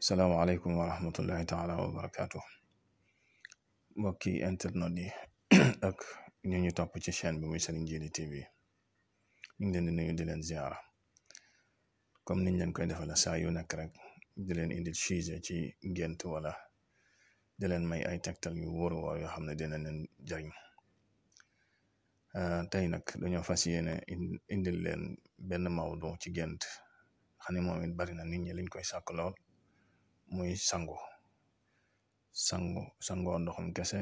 salaamaaleykum wa rahmatullahi taala wa barakaatu mbokki internet yi ak ñu ñu topp ci chaîne bi muy Serigne Djily TV ñu ngi leen di nuyu di leen ziara comme niñ leen koy defal saa yu nekk rek di leen indil chise ci ngént wala di leen may ay tegtal yu wóoru wóor yoo xam ne dina leen jariñ ah, tey nag dañoo fas yéene indil leen benn mawdu ci gént xam ne moom it bari na nit ñi liñ koy sàkk lool muy sangu sangu sangoo ndoxum kese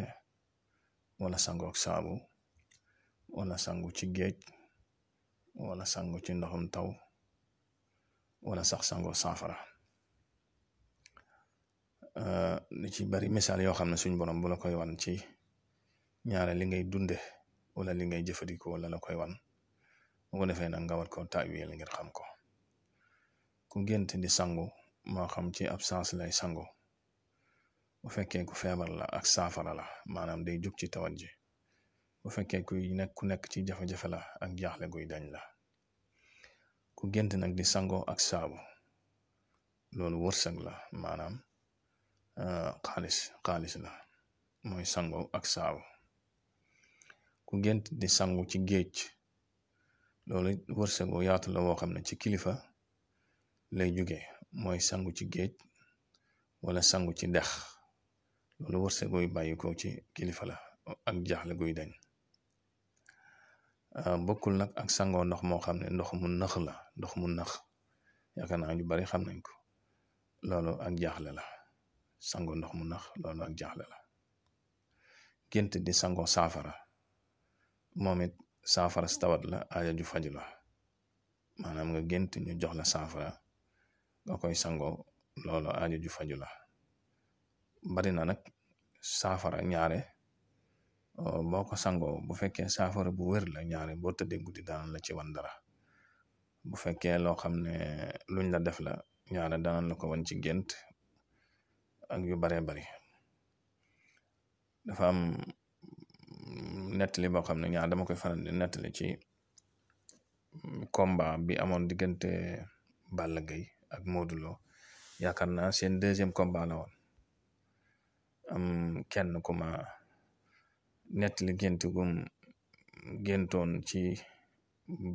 wala sangook saabu wala sangu ci géej wala sangu ci ndoxum taw wala sax sangoo saafara li ci bari misaal yoo xam ne suñ borom bu koy wan ci ñaare li ngay dunde wala li ngay jëfandikoo wala la koy wan bu ko defee nag nga war koo taawil ngir xam ko ku gént di sangu moo xam ci absence lay sango bu fekkee ku feebar la ak saafara la maanaam day jóg ci tawat ji bu fekkee ku nekk ku nekk ci jafe-jafe la ak jaaxle guy dañ la ku gént nag di sango ak saabu loolu wërsëg la maanaam euh, xaalis xaalis la mooy sango ak saabu ku gént di sangu ci géej loolu wërsëg yaatu la woo xam ne ci kilifa lay jóge mooy sangu ci géej wala sangu ci dex loolu wërsëg guy bàyyi ko ci kilifala ak jaxle guy dañ ah, bokkul nag ak sangoo ndox moo xam ne ndox mu nëx la ndox mu nëx yaakaar naa ñu bari xam nañ ko loolu ak jaaxle la sangoo ndox mu nëx loolu ak jaxle la gént di sangoo saafara moom it saafara tawat la aaja ju faju la maanaam nga gént ñu jox la saafara nga koy sangoo loolu aajo ju faju la bari na nag saafara ñaare uh, boo ko sangoo bu fekkee saafara bu wér la ñaare boo tëddee guddi daan la ci wan dara bu fekkee loo xam ne luñ la def la ñaare daan la ko wan ci ak yu baree bari dafa am nettali boo xam ne ñaar dama koy faral di nettali ci komba bi amoon diggante Balla Gaye ak Modou Lo yaakaar naa seen deuxième combat la woon am kenn ku ma nettali gént gum géntoon ci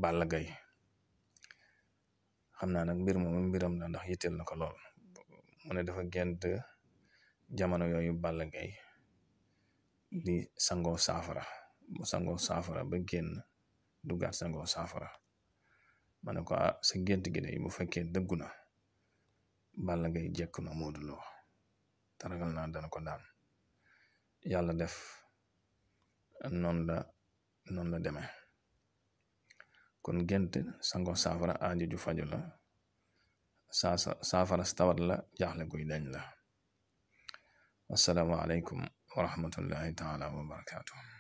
Balla Gaye xam naa nag mbir moomu mbiram la ndax yitteel na ko lool mu ne dafa gént jamono yooyu Balla Gaye di sangoo saafara mu sangoo saafara ba génn duggaat sangoo saafara ma ko a ah, sa ngént gi day bu fekkee dëggu na Balla ngay jekk na Modou Lo te na naa ko daan yàlla def noonu la noonu la deme kon ngént sango saafara aajo ju faju la saasa saafara stawat la jaaxle guy dañ la assalaamu aleykum wa rahmatullahi taala